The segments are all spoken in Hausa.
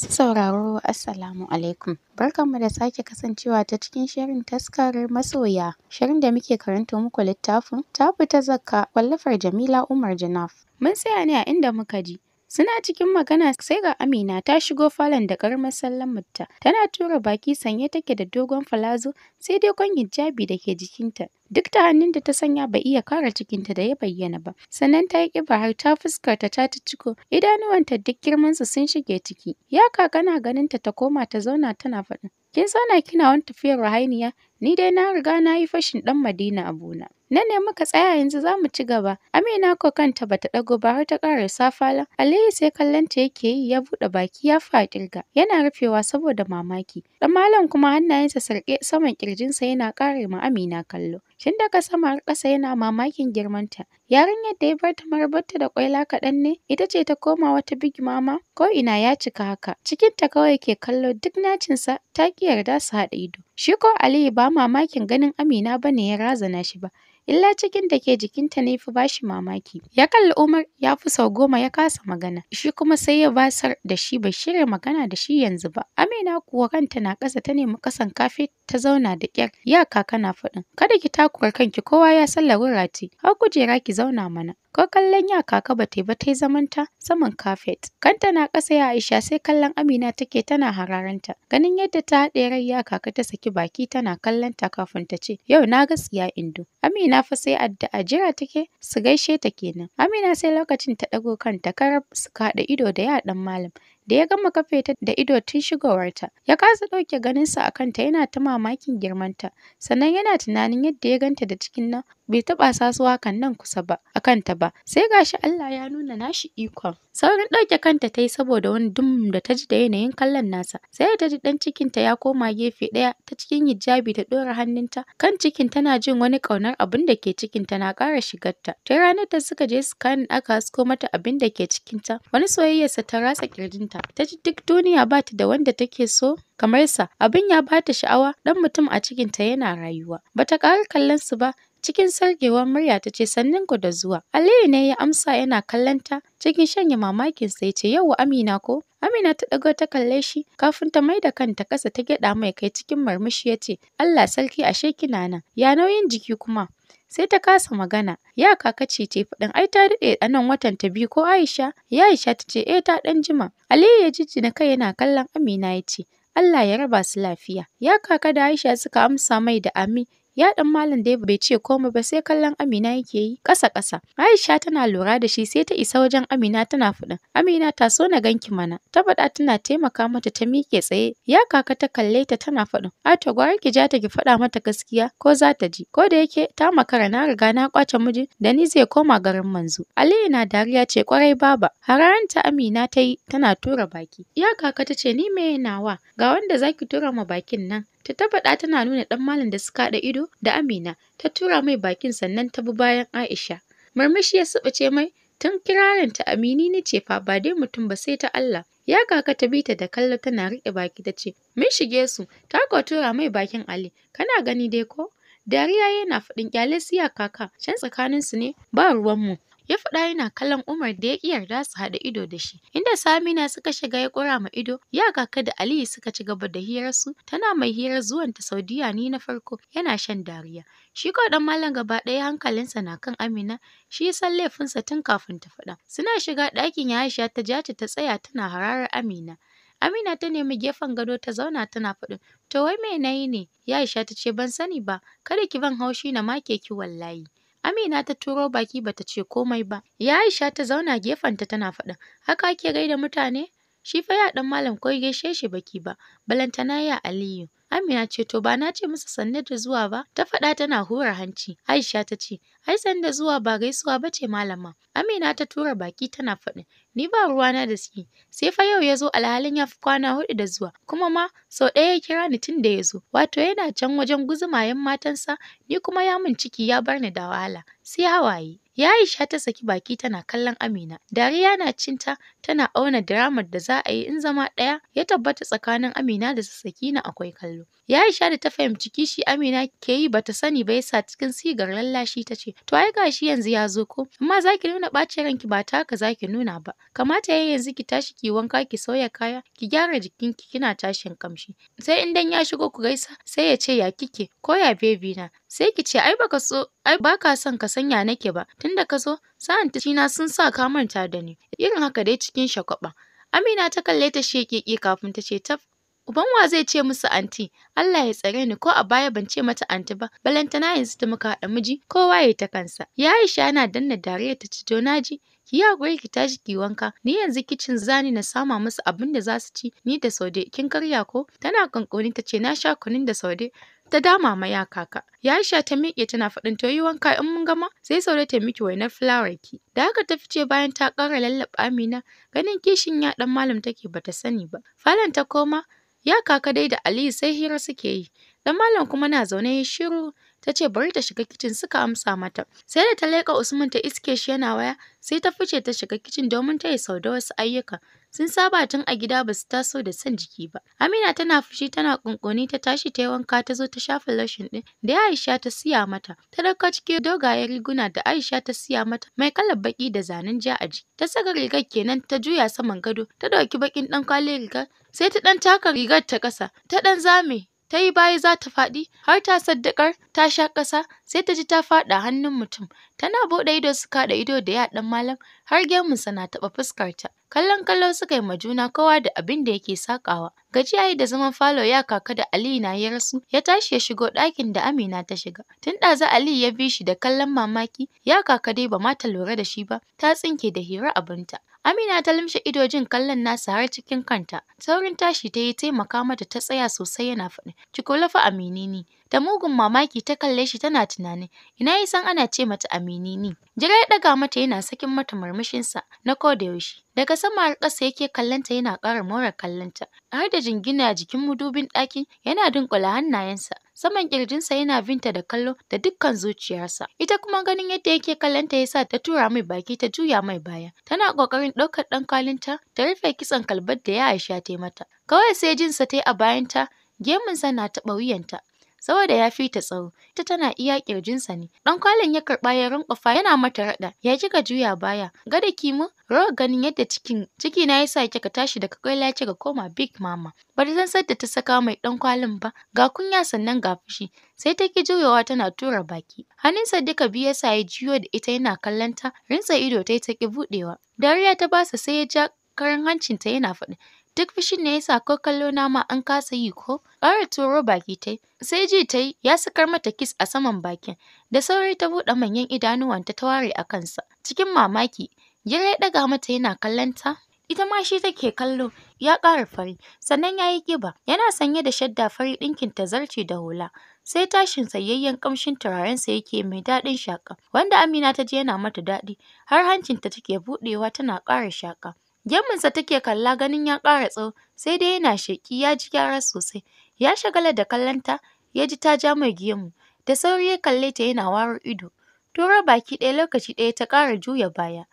Masu sauraro Assalamu alaikum. Barkanmu da sake kasancewa ta cikin shirin taskarar masoya. Shirin da muke karanta muku littafin tafi ta zakka wallafar Jamila Umar Janaf. Mun tsaya ne a inda muka ji Suna cikin magana sai ga Amina ta shigo falon da ƙaramar sallamarta. Tana tura baki sanye take da dogon falazo sai dai kwan hijabi da ke jikinta. Duk ta hannun da ta sanya bai iya kara cikinta da ya bayyana ba. Sannan ta yi ƙiba har ta fuskarta ta ta ciko idanuwanta duk girmansu sun shige ciki. Ya kakana ta ta koma ta zauna tana faɗin. Kin sana kina wani tafiyar rahainiya? Ni dai na riga na yi fashin ɗan Madina abuna. Na ne muka tsaya yanzu za mu ci gaba. Amina ko kanta bata ɗago ba har ta ƙarasa safala. Aliyu sai kallon ta yake yi ya buɗe baki ya fa ƙirga. Yana rufewa saboda mamaki. Ɗan malam kuma hannayensa sarƙe saman ƙirjinsa yana ƙare ma Amina kallo. tun daga sama har ƙasa yana mamakin girmanta. Yarinyar da ya bar ta marabarta da ƙwaila kaɗan ne, ita ce ta koma wata big mama, ko ina ya cika haka. Cikinta kawai ke kallo duk nacinsa, ta ƙi yarda su haɗa ido. Shi ko Aliyu ba mamakin ganin Amina ba ne ya razana shi ba. illa cikin da ke jikinta ne fi bashi mamaki. Ya kalli Umar ya fi sau goma ya kasa magana, shi kuma sai ya basar da shi bai shirya magana da shi yanzu ba. Amina kuwa kanta na ƙasa ta nemi ƙasan kafe ta zauna da ƙyar, ya kaka na faɗin. Kada ki ta kurar kanki kowa ya san larura ce, kujera ki zauna mana. ko kallon ya kaka ba ta zamanta saman kafet. Kanta na ƙasa ya Aisha sai kallon Amina take tana hararanta. Ganin yadda ta haɗe rai ya kaka ta saki baki tana kallon ta kafin ta ce yau na ga indo. Amina fa sai addu'a jira take su gaishe ta kenan. Amina sai lokacin ta ɗago kanta karab suka haɗa ido da yaɗan malam. da ya gama kafe ta da ido tun shigowarta ya kasa ɗauke ganinsa a kanta yana ta mamakin girmanta sannan yana tunanin yadda ya ganta da cikin nan bai taɓa sasuwa kan nan kusa ba a kanta ba sai gashi Allah ya nuna nashi ikon. Saurin ɗauke kanta tayi saboda wani dum da ta ji da yanayin kallon nasa sai ta ji ɗan cikinta ya koma gefe ɗaya ta cikin hijabi ta ɗora hannunta kan cikin tana jin wani kaunar abin da ke cikinta na kara shigarta. Ta ranar da suka je scanning aka hasko mata abin da ke cikinta wani soyayyarsa ta rasa ƙirjinta ta ji duk duniya ba ta da wanda take so kamar sa abin ya bata sha'awa dan mutum a cikinta yana rayuwa bata ƙara kallon su ba Cikin sargewar murya ta ce, Sannin ku da zuwa. Aliyu ne ya amsa yana kallonta cikin shanye mamakin sai ce, Yau Amina ko? Amina ta ɗago ta kalle shi kafin ta mai da kanta ƙasa ta gyaɗa mai kai cikin murmushi ya ce, Allah sarki ashe kina nan. Ya nauyin jiki kuma? sai ta kasa magana. Ya kaka ce ce faɗin ai ta daɗe a nan watan ta biyu ko Aisha? Ya Aisha ta ce eh ta ɗan jima. Aliyu ya jijjina kai yana kallon Amina ya ce Allah ya raba su lafiya. Ya kaka da Aisha suka amsa mai da Ami Yaɗin Malam dai bai ce komai ba sai kallon Amina yake yi ƙasa-ƙasa. Aisha tana lura da shi sai ta isa wajen Amina tana faɗin. Amina ta so na ganki mana. Ta faɗa tana taimaka mata ta miƙe tsaye. Ya kaka ta kalle ta tana faɗin. to gwara ki ja ta ki faɗa mata gaskiya ko za ta ji. Ko da yake ta makara na riga na kwace miji da ni zai koma garin manzo. Aliyu na dariya ce kwarai baba. Hararanta Amina ta yi tana tura baki. Ya kaka ta ce ni me nawa ga wanda zaki tura ma bakin nan. ta tabbata tana nuna ɗan malam da suka haɗa ido da Amina ta tura mai bakin sannan ta bi bayan Aisha murmushi ya subuce mai tun kirarin ta Amini ne ce fa ba dai mutum ba sai ta Allah ya kaka ta bi ta da kallo tana riƙe baki ta ce mun shige su ta ko tura mai bakin Ali kana gani dai ko dariya yana faɗin kyale siya kaka can tsakaninsu ne ba ruwanmu ya faɗa yana kallon Umar da ya ƙi yarda su haɗa ido da shi. Inda Samina suka shiga ya ƙura ma ido, ya kaka da Aliyu suka ci gaba da su tana mai hirar zuwan ta Saudiya ni na farko yana shan dariya. Shi ko ɗan mallam gaba ɗaya hankalinsa na kan Amina, shi ya san laifinsa tun kafin ta faɗa. Suna shiga ɗakin Aisha ta jace ta tsaya tana hararar Amina. Amina ta nemi gefen gado ta zauna tana faɗi to wai me nayi ne? Ya Aisha ta ce ban sani ba, kada ki ban haushi na make ki wallahi. Amina ta turo baki bata ce komai ba. ya aisha ta zauna gefenta tana faɗa. haka ake gaida mutane? Shi fa ya ɗan malam ko gaishe shi baki ba, balantana ya Aliyu. Amina ce to ba na ce musu sanne da zuwa ba, ta faɗa tana hura hanci. Aisha ta ce, ai sanne da zuwa ba gaisuwa ba ce malama. Amina ta tura baki tana faɗin, ni ba ruwana da ski. Sai fa yau ya zo alhalin ya fi kwana hudu da zuwa, kuma ma sau ɗaya ya kira ni tun da ya zo. Wato yana can wajen guzumayen matansa, ni kuma ya mun ciki ya bar ni da wahala. Sai hawaye. Ya'isha ta saki baki tana kallon Amina. Dariya na cinta tana auna diramar da za a yi in zama ɗaya ya tabbata tsakanin Amina da Sakina akwai kallo. Ya'isha da ta fahimci kishi Amina ke yi bata sani ba yasa cikin sigar lallashi ta ce, To ai gashi yanzu ya zo ko, amma za ki nuna ɓacin ranki ba ta haka za ki nuna ba. Kamata ya yanzu ki tashi ki wanka ki sauya kaya ki gyara jikinki kina tashin kamshi. Sai in dan ya shigo ku gaisa sai ya ce ya kike ko ya bebi na sai ki ce ai baka so ai baka son ka sanya nake ba tunda ka zo sa'an na sun sa ka manta da ni irin haka dai cikin shakwaba Amina ta kalle ta shekeke kafin ta ce taf uban wa zai ce musu anti Allah ya tsare ni ko a baya ban ce mata anti ba balantana yanzu da muka haɗa miji kowa ya ta kansa ya Aisha yana danna dariya ta ci donaji ki yi hakuri ki tashi ki wanka ni yanzu kicin zani na sama musu abin da za su ci ni da saude kin karya ko tana kankoni ta ce na sha kunun da saude ta dama ma ya kaka. Ya Aisha ta miƙe tana faɗin to yi wanka in mun gama sai saurayi ta miki wainar fulawar ki. Da haka ta fice bayan ta ƙara lallaɓa Amina ganin kishin ya ɗan malam take bata sani ba. Falon ta koma ya kaka dai da Aliyu sai hira suke yi. Ɗan malam kuma na zaune ya shiru ta ce bari ta shiga kicin suka amsa mata. Sai da ta leƙa Usman ta iske shi yana waya sai ta fice ta shiga kicin domin ta yi sau da wasu ayyuka. Sun saba tun a gida ba su taso da son jiki ba. Amina tana fushi tana kunkuni ta tashi ta yi wanka ta zo ta shafa lotion ɗin da Aisha ta siya mata. Ta dauka cikin dogayen riguna da Aisha ta siya mata mai kalar baki da zanen ja a jiki. Ta saka rigar kenan ta juya saman gado ta ɗauki bakin ɗan kwalin rigar sai ta ɗan taka rigar ta ƙasa ta ɗan zame ta yi baya za ta faɗi har ta saddakar ta sha ƙasa sai ta ji ta faɗa hannun mutum tana buɗe ido suka haɗa ido da yaɗan malam har gemunsa na taɓa fuskarta kallon kallon suka yi ma juna kowa da abin da yake sakawa gajiya da zaman falo ya kaka da Aliyu na ya rasu ya tashi ya shigo ɗakin da Amina ta shiga tun ɗazu Aliyu ya bi shi da kallon mamaki ya kaka dai ba ma ta lura da shi ba ta tsinke da hira abinta Amina ta limshe ido jin kallon nasa har cikin kanta. Saurin tashi ta yi taimaka mata ta tsaya sosai yana faɗi. Cikolafa aminini. Da mugun mamaki ta kalle shi tana tunani. ina yi san ana ce mata aminini. Jira ya ɗaga mata yana sakin mata murmushinsa na koda yaushe. Daga sama har ƙasa yake kallonta yana ƙara more kallonta. Har da jingina jikin mudubin ɗakin yana dunƙula hannayensa. saman kirjinsa yana binta da kallo da dukkan zuciyarsa. Ita kuma ganin yadda yake kallonta ya sa ta tura mai baki ta juya mai baya. Tana ƙoƙarin ɗaukar ɗan kwalinta ta rufe kitson kalbar da ya Aisha ta mata. Kawai sai jinsa ta yi a bayanta gemunsa na taɓa wuyanta saboda ya fi ta tsawo ita tana iya kirjinsa ne dan kwalin ya karba ya rinkofa yana mata rada ya kika juya baya gada ki mu rawar ganin yadda cikin ciki na yasa kika tashi daga ya ga koma big mama bari zan sadda ta saka mai dan kwalin ba ga kunya sannan ga fushi sai ta ki juyawa tana tura baki hannun sa duka biyu yasa ya jiyo da ita yana kallon ta rintsa ido ta ta ki budewa dariya ta ba sa sai ya ja karan hancinta yana faɗi duk fushin ne yasa ko kallo na ma an kasa yi ko ƙara turo baki ta sai ji ta ya sakar mata kis a saman bakin da sauri ta buɗe manyan idanuwanta ta ware a kansa cikin mamaki jira ya ɗaga mata yana kallonta ita ma shi take kallo ya ƙara fari sannan ya yi ƙiba yana sanye da shadda fari ɗinkin zarci da hula sai tashin sayayyen ƙamshin turarensa yake mai daɗin shaƙa wanda Amina ta ji yana mata daɗi har hancinta take buɗewa tana ƙara shaƙa Gemunsa take kalla ganin ya ƙara tsawo sai dai yana sheƙi ya ji gyara sosai. Ya shagala da kallonta ya ji ta ja mai gemu. Da sauri ya kalle ta yana warar ido. Tura baki ɗaya lokaci ɗaya ta ƙara juya baya.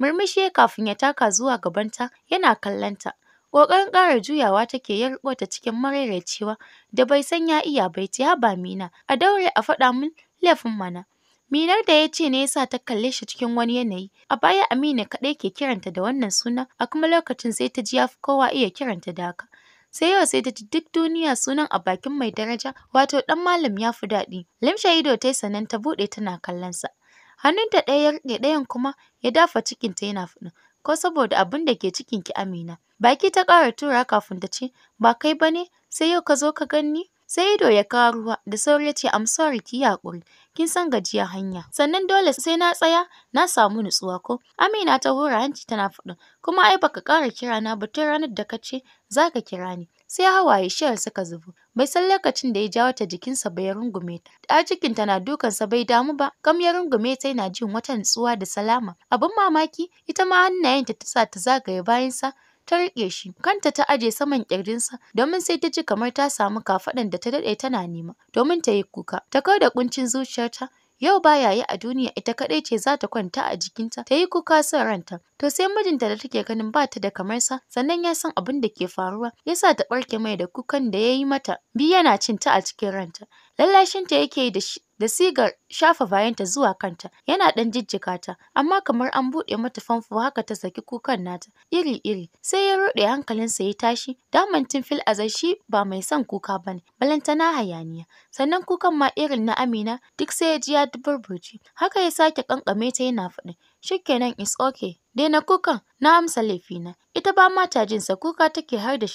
Murmushi ya kafin ya taka zuwa gabanta yana kallonta. Ƙoƙarin ƙara juyawa take ya riƙo ta cikin maraicewa da bai san ya iya ya ce haba Mina a daure a faɗa min laifin mana. Minar da ya ce ne ya sa ta kalle shi cikin wani yanayi. A baya Amina kaɗai ke kiranta da wannan suna, a kuma lokacin sai ta ji ya fi kowa iya kiranta da haka. Sai yau sai ta ji duk duniya sunan a bakin mai daraja, wato ɗan malam ya fi daɗi. Limshe ido ta yi sannan ta buɗe tana kallon kallonsa. Hannunta ɗaya ya riƙe ɗayan kuma ya dafa cikin ta yana faɗin, ko saboda abin da ke cikin ki Amina. Baki ta ƙara tura kafin ta ce, ba kai ba ne, sai yau ka zo ka ganni? sai ido ya kawo ruwa da sauri ya ce am sorry ki yi kin san gajiya hanya sannan dole sai na tsaya na samu nutsuwa ko Amina ta hura hanci tana faɗin kuma ai baka ƙara kira na ba tun ranar da ka ce za ka kira ni sai hawaye shiyar suka zubo bai san lokacin da ya jawo ta jikinsa ba ya rungume ta da cikin tana dukansa bai damu ba kam ya rungume ta yana jin wata nutsuwa da salama abin mamaki ita ma hannayenta ta sa ta zagaye bayansa ta riƙe shi kanta ta aje saman ƙirjinsa domin sai ta ji kamar ta samu kafaɗan da ta daɗe tana nema domin ta yi kuka ta kau da ƙuncin zuciyarta yau ba yayi a duniya ita kaɗai ce za ta kwanta a jikinta ta yi kuka son ranta to sai mijinta da take ganin ba ta da kamar sa sannan ya san abin da ke faruwa yasa ta ɓarke mai da kukan da ya yi mata bi yana cin ta a cikin ranta lallashinta yake yi da shi da sigar shafa bayanta zuwa kanta, yana ɗan jijjiga ta, amma kamar an buɗe mata famfo haka ta saki kukan nata iri-iri. Sai ya ruɗe hankalinsa ya tashi, daman Timfil Azar shi ba mai son kuka bane ne, balantana hayaniya. Sannan kukan ma irin na Amina duk sai ya ji ya duburburce. Haka ya sake ƙanƙame ta yana faɗi shikenan is okay, daina kukan, na amsa laifina. Ita ba ma ta jinsa kuka take har da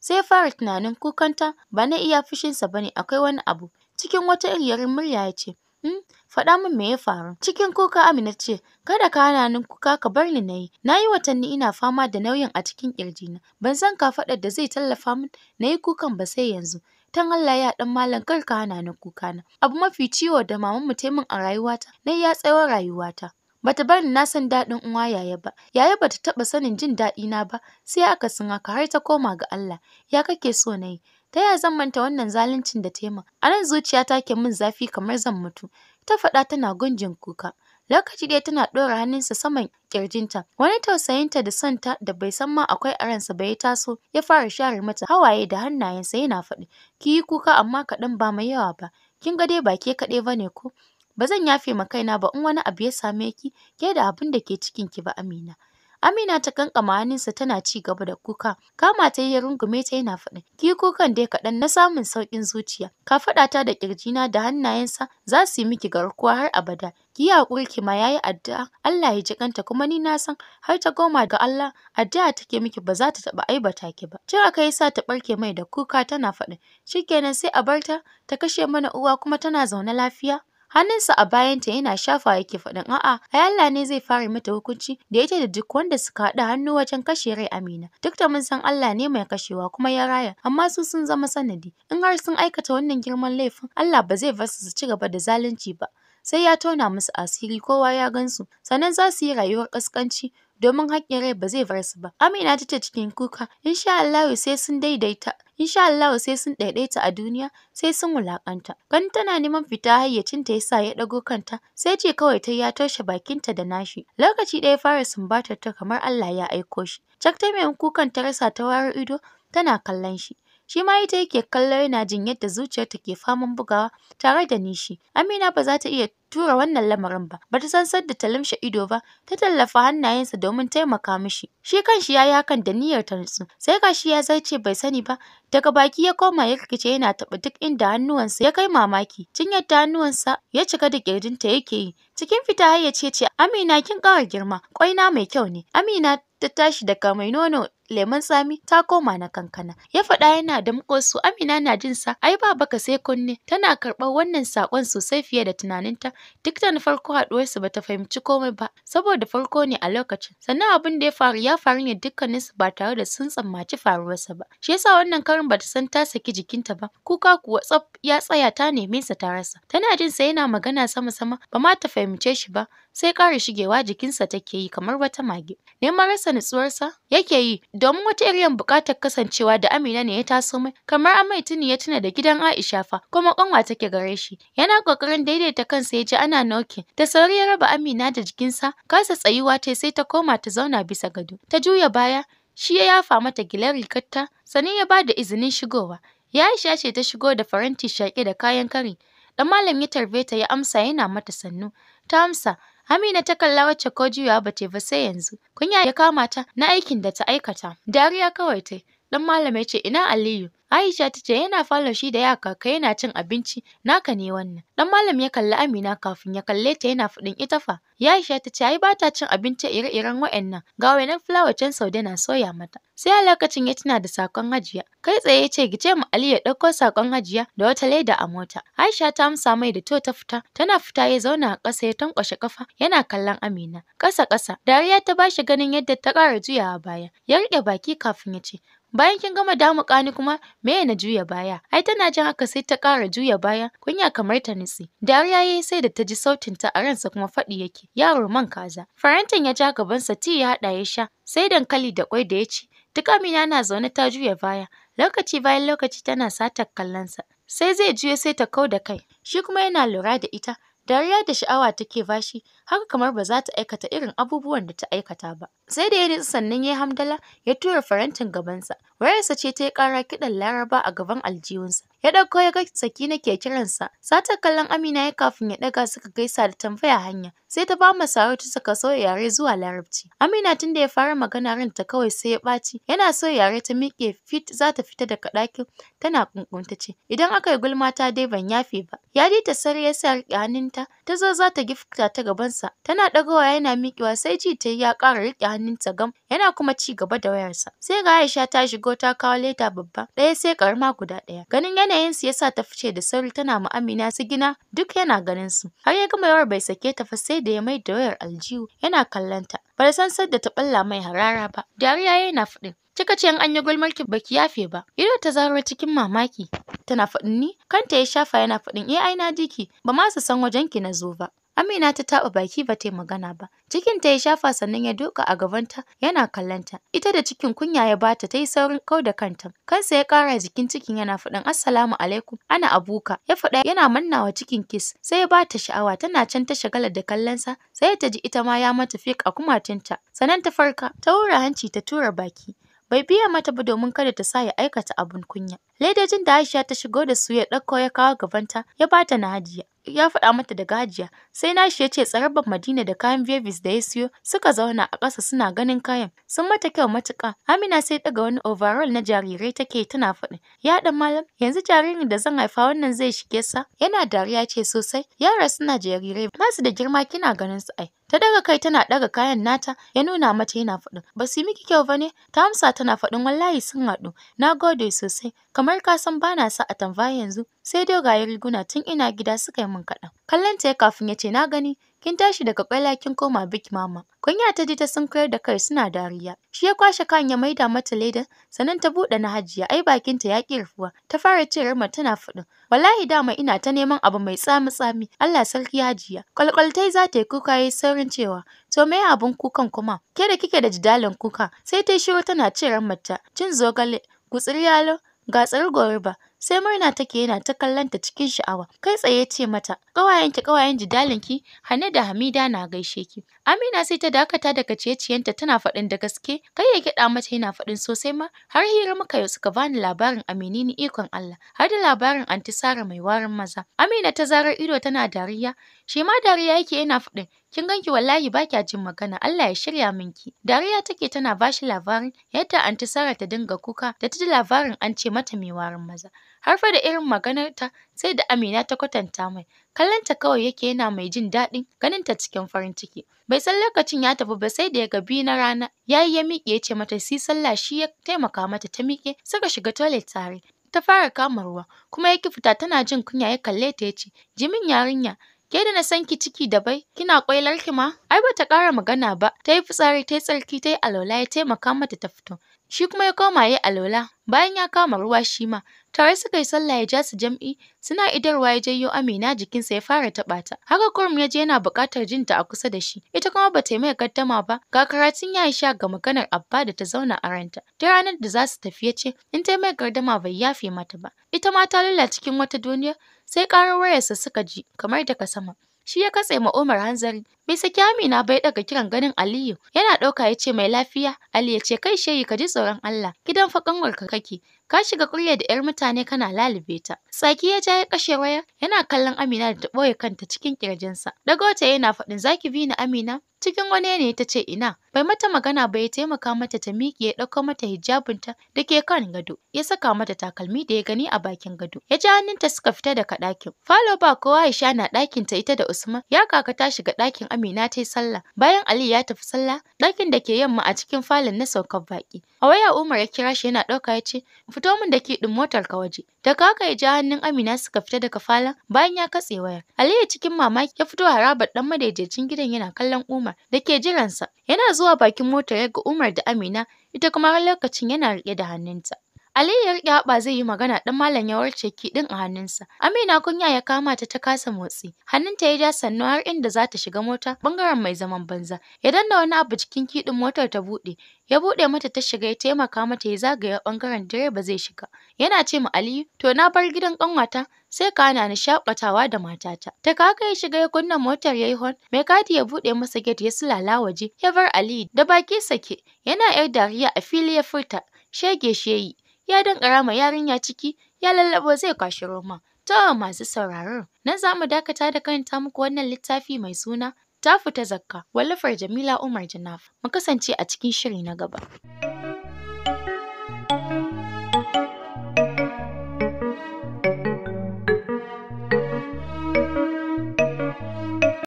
Sai fara tunanin kukanta ba na iya fushinsa ba ne akwai wani abu. cikin wata iriyar murya ya ce, "Hm, faɗa min me ya faru? Cikin kuka Amina ce, kada ka hana ni kuka ka bar ni nayi. Na yi watanni ina fama da nauyin a cikin na. ban san kafaɗar da zai tallafa min na kukan ba sai yanzu. Tan Allah ya ɗan malam kar ka hana ni na. Abu mafi ciwo da mamanmu ta yi min a rayuwata, nayi ya tsawon rayuwata. Bata bar ni na san daɗin uwa yaya ba, yaya bata taɓa sanin jin daɗi na ba, sai aka sun haka har ta koma ga Allah, ya kake so nayi Ta ya zan manta wannan zaluncin da ta yi min? A nan zuciya ta ke min zafi kamar zan mutu. Ta faɗa tana gunjin kuka. Lokaci ɗaya tana ɗora hannunsa saman ƙirjinta. Wani tausayinta da sonta da bai san ma akwai a ransa ba ya taso ya fara share mata hawaye da hannayensa yana faɗi. Ki yi kuka amma kaɗan ba mai yawa ba. Kin ga dai ba ke kaɗai ba ne ko? Ba zan yafe ma kaina ba in wani abu ya same ki, ke da abin da ke cikinki ba Amina. Amina ta kankama hannunsa tana ci gaba da kuka. Kama ta yi ya rungume ta yana faɗin. Ki kukan dai kaɗan na samun sauƙin zuciya. Ka faɗa ta da ƙirjina da hannayensa za su yi miki garkuwa har abada. Ki yi haƙuri ki ma yi addu'a Allah ya ji kanta kuma ni na san har ta goma ga Allah addu'a take miki ba za ta taɓa aibata ki ba. Tun aka yi sa ta ɓarke mai da kuka tana faɗin. Shikenan sai a bar ta ta kashe mana uwa kuma tana zaune lafiya. hannunsa a bayanta yana shafa yake faɗin a'a ai Allah ne zai fara mata hukunci da ita da duk wanda suka haɗa hannu wajen kashe rai Amina duk da mun san Allah ne mai kashewa kuma ya raya amma su sun zama sanadi in har sun aikata wannan girman laifin Allah ba zai bar su su ci gaba da zalunci ba sai ya tauna musu asiri kowa ya gansu sannan za su yi rayuwar ƙasƙanci domin haƙƙin rai ba zai bar su ba. Amina ta ce cikin kuka, insha Allah sai sun daidaita, insha Allahu sai sun daidaita a duniya, sai sun wulaƙanta. Gani tana neman fita hayyacinta ya sa ya ɗago kanta, sai ce kawai ta ya toshe bakinta da nashi. Lokaci ɗaya fara sumbatar ta kamar Allah ya aiko shi. Cak ta mai kukan ta rasa ta waro ido, tana kallon shi. Shi ma ita yake kallo yana jin yadda zuciyarta ke faman bugawa tare da nishi. Amina ba za ta iya tura wannan lamarin ba, ba ta san sadda ta lumshe ido ba, ta tallafa hannayensa domin taimaka mishi. Shi kanshi ya yi hakan da niyyar ta natsu, sai shi ya zarce bai sani ba, daga baki ya koma ya rikice yana taɓa duk inda hannuwansa ya kai mamaki, cinyar ta hannuwansa ya cika da ƙirjinta yake yi. Cikin fita har ya ce, ce Amina kin ƙara girma, ƙwaina mai kyau ne. Amina ta tashi daga mai nono lemon tsami ta koma na kankana. Ya faɗa yana da su Amina na jin sa ai ba baka sai kunne tana karɓar wannan sakon sosai fiye da tunaninta duk da na farko haɗuwar su bata fahimci komai ba saboda farko ne a lokacin sannan abin da ya faru ya faru ne dukkanin su ba tare da sun tsammaci faruwarsa ba. Shi yasa wannan karin bata san ta saki jikinta ba kuka kuwa tsaf ya tsaya ta neme sa ta rasa. Tana jin sa yana magana sama sama ba ma ta fahimce shi ba sai ƙara shigewa jikinsa take yi kamar wata mage. Neman rasa nutsuwarsa yake yi domin wata iriyan buƙatar kasancewa da Amina ne ya taso mai kamar amai tuni ya tuna da gidan Aisha fa kuma ƙanwa take gare shi. Yana ƙoƙarin daidaita kansa ya ji ana naukin. da sauri ya raba Amina da jikinsa kasa tsayuwa ta sai ta koma ta zauna bisa gado. Ta juya baya shi ya yafa mata gilar rigarta Sani ya ba da izinin shigowa. Ya Aisha ce ta shigo da faranti shaƙe da kayan kari. Dan malam ya tarbe ta ya amsa yana mata sannu. Ta amsa Amina ta kalla wacce ko juya ba ta ba sai yanzu. Kunya ya kama ta na aikin da ta aikata. Dariya kawai ta yi. Dan malamai ce ina Aliyu Aisha ta ce yana falo shi da ya kai yana cin abinci naka ne wannan. Dan malam ya kalli Amina kafin ya kalle ta yana faɗin ita fa. Ya Aisha ta ce ai ba ta cin abinci ire-iren waɗannan ga wayanan fulawa can Saude na soya mata. Sai a lokacin ya tuna da sakon Hajiya. Kai tsaye ya ce gice mu Ali ya dauko sakon Hajiya da wata leda a mota. Aisha ta amsa mai da to ta fita. Tana fita ya zauna a ƙasa ya tankwashe kafa yana kallon Amina. Ƙasa ƙasa dariya ta bashi ganin yadda ta ƙara juyawa baya. Ya rike baki kafin ya ce Bayan kin gama damu ni kuma me na juya baya? Ai tana jin haka sai ta ƙara juya baya kunya kamar ta nutse. Dariya yayi sai da ta ji sautin ta a ransa kuma faɗi yake. Yaro man kaza. Farantin ya ja gabansa ti ya haɗa ya sha sai dankali da ƙwai da ya ci. Duk Amina na zaune ta juya baya. Lokaci bayan lokaci tana satar kallonsa. Sai zai juyo sai ta kau da kai. Shi kuma yana lura da ita. Dariya da sha'awa take bashi. haka kamar ba za ta aikata irin abubuwan da ta aikata ba. Sai da ya nitsa sannan ya yi hamdala ya tura farantin gabansa. Wayarsa ce ta yi ƙara kiɗan laraba a gaban aljihunsa. Ya ɗauko ya ga Sakina ke kiransa. Satar kallon Amina ya kafin ya ɗaga suka gaisa da tambaya hanya. Sai ta ba ma ta suka sauya yare zuwa Larabci. Amina tun da ya fara magana ranta kawai sai ya ɓaci. Yana so yare ta miƙe fit za ta fita daga ɗakin tana ƙunƙunta ce. Idan aka yi gulma ta dai ban yafe ba. Ya ji ta sarai ya sa riƙe hannunta ta zo za ta gifta ta gaban hannunsa tana ɗagawa yana miƙewa sai ji ta yi ya ƙara riƙe hannunta gam yana kuma ci gaba da wayarsa. Sai ga Aisha ta shigo ta kawo leda babba ɗaya sai ƙarama guda ɗaya. Ganin yanayinsu yasa ta fice da sauri tana ma Amina su gina duk yana ganin su. Har ya gama yawar bai sake ta fa sai da ya mai da wayar aljihu yana kallonta. Ba da san sadda ta ɓalla mai harara ba. Dariya yana faɗin cika ce in an yi gulmarki baki yafe ba ido ta zaro cikin mamaki tana faɗin ni kanta ya shafa yana faɗin eh ai na jiki ba ma su san wajen ki na zo ba Amina ta taɓa baki ba ta yi magana ba. Cikinta ya shafa sannan ya duka a gabanta yana kallonta. Ita da cikin kunya ya bata ta yi saurin kau da kanta. Kansa ya ƙara jikin cikin yana faɗin assalamu alaikum ana abuka. Ya faɗa yana mannawa cikin kis sai ya bata sha'awa tana can ta shagala da kallonsa sai ta ji ita ma ya mata fik a kumatinta. Sannan ta farka ta hura hanci ta tura baki. bai biya mata ba domin kada ta sa ya aikata abin kunya. Ledojin da Aisha ta shigo da su ya ɗauko ya kawo gabanta ya ba ta na Hajiya. Ya faɗa mata daga Hajiya, sai shi ya ce tsarabar Madina da kayan Bevis da ya siyo suka zauna a ƙasa suna ganin kayan. Sun mata kyau matuƙa. Amina sai ɗaga wani overall na jarirai take tana faɗin. Ya ɗan malam, yanzu jaririn da zan haifa wannan zai shige sa? Yana dariya ce sosai. Yara suna jarirai, ba su da girma kina ganin su ai. Ta daga kai tana ɗaga kayan nata ya nuna mata yana faɗin. Ba su yi miki kyau ba ne? Ta amsa tana faɗin wallahi sun haɗu. Na gode sosai. kamar ka san ba na sa atamfa yanzu sai ga riguna tun ina gida suka yi min kaɗan. Kallon ta ya kafin ya ce na gani kin tashi daga ƙwaila kin koma Big Mama. Kunya ta ji ta sun kayar da kai suna dariya. Shi ya kwashe kan ya maida mata leda sannan ta buɗe na hajiya ai bakinta ya ƙi rufuwa. Ta fara ce Rama tana faɗin wallahi dama ina ta neman abu mai tsami tsami Allah sarki hajiya. Kwalkwaltai za ta yi kuka yi saurin cewa to me abun kukan kuma ke da kike da jidalin kuka sai ta shiru tana ce Rama cin zogale gutsiri yalo gatsar goruba sai murna take yana ta kallon ta cikin sha'awa kai tsaye ce mata ƙawayenki ƙawayen jidalinki Hane da Hamida na gaishe ki Amina sai ta dakata daga ciyeciyenta tana faɗin da gaske kai ya kiɗa mata yana faɗin sosai ma har hira muka yau suka bani labarin amini ni ikon Allah har da labarin anti Sara mai warin maza Amina ta zarar ido tana dariya Shi ma dariya yake yana faɗin, kin ganki wallahi ba kya jin magana, Allah ya shirya minki. Dariya take tana ba shi labarin yadda anti Sara ta dinga kuka da ta ji labarin an ce mata mai warin maza. Har fa da irin maganarta sai da Amina ta kwatanta mai. Kallonta kawai yake yana mai jin daɗin ta cikin farin ciki. Bai san lokacin ya tafi ba sai da ya gabi na rana. Yayi ya miƙe ya ce mata si sallah shi ya taimaka mata ta miƙe Saka shiga toilet tare. ta fara kama ruwa kuma ya fita tana jin kunya ya kalle ta ya ce min yarinya Ke da na san ki ciki da bai, kina kwailar ki ma? Ai ba ta ƙara magana ba, ta yi fitsari, ta yi tsarki, ta yi alola, ya taimaka mata ta fito. Shi kuma ya koma ya yi alola, bayan ya kama ruwa shi ma, tare suka yi sallah ya ja su jam'i, suna idarwa ya janyo Amina jikinsa ya fara taɓa ta. Haka kurum ya je yana buƙatar jin ta a kusa da shi, ita kuma ba ta yi mai gaddama ba, ga karatun ya sha ga maganar Abba da ta zauna a ranta. Ta ranar da za su tafi ya ce, in ta yi mai gaddama bai yafe mata ba, ita ma ta lula cikin wata duniya, sai ƙarar wayarsa suka ji kamar daga sama. Shi ya katse ma Umar hanzari bai saki Amina bai daga kiran ganin Aliyu yana dauka ya ce mai lafiya Ali ya ce kai shehi ka ji tsoron Allah gidan fa warka kake ka shiga kurya da 'yar mutane kana lalube ta. Tsaki ya ja ya kashe waya yana kallon Amina da ta ɓoye kanta cikin ƙirjinsa. Dagota yana faɗin zaki bi ni Amina cikin wani ne ta ce ina bai mata magana ba ya taimaka mata ta miƙe ya dauko mata ta da ke kan gado ya saka mata takalmi da ya gani a bakin gado ya ja hannunta suka fita daga ɗakin. Falo ba kowa Aisha na ɗakinta ita da Usman ya kaka shiga ɗakin Amina ta yi sallah. Bayan Aliyu ya tafi sallah, ɗakin da ke yamma a cikin falon na saukar baƙi. A waya Umar ya kira shi yana ɗauka ya ce, fito min da ke ɗin motar ka waje. Da haka ya ji hannun Amina suka fita daga falon bayan ya katse wayar. Aliyu cikin mamaki ya fito harabar ɗan madaidaicin gidan yana kallon Umar da ke jiransa. Yana zuwa bakin motar ya ga Umar da Amina ita kuma har lokacin yana riƙe da hannunta. Aliyu ya riƙe haɓa zai yi magana ɗan malam ya warce ki ɗin a hannunsa. Amina kunya ya kama ta ta kasa motsi. Hannunta ya ja sannu har inda za ta shiga mota bangaren mai zaman banza. Ya danna wani abu cikin kiɗin motar ta buɗe. Ya buɗe mata ta shiga ya taimaka mata ya zagaya ɓangaren direba zai shiga. Yana ce ma Aliyu, to na bar gidan ƙanwata sai ka hana ni shakatawa da matata. Ta kaka ya shiga ya kunna motar ya yi hon, mai kati ya buɗe masa get ya sulala waje, ya bar Aliyu da baki sake, yana ‘yar dariya a fili ya furta, shege shi ya ya dankara ma yarinya ciki ya lallabo zai kwashi roman. To masu sauraro, nan za mu dakata da karanta muku wannan littafi mai suna ta fita zakka wallafar Jamila Umar Janaf. Mu kasance a cikin shiri na gaba.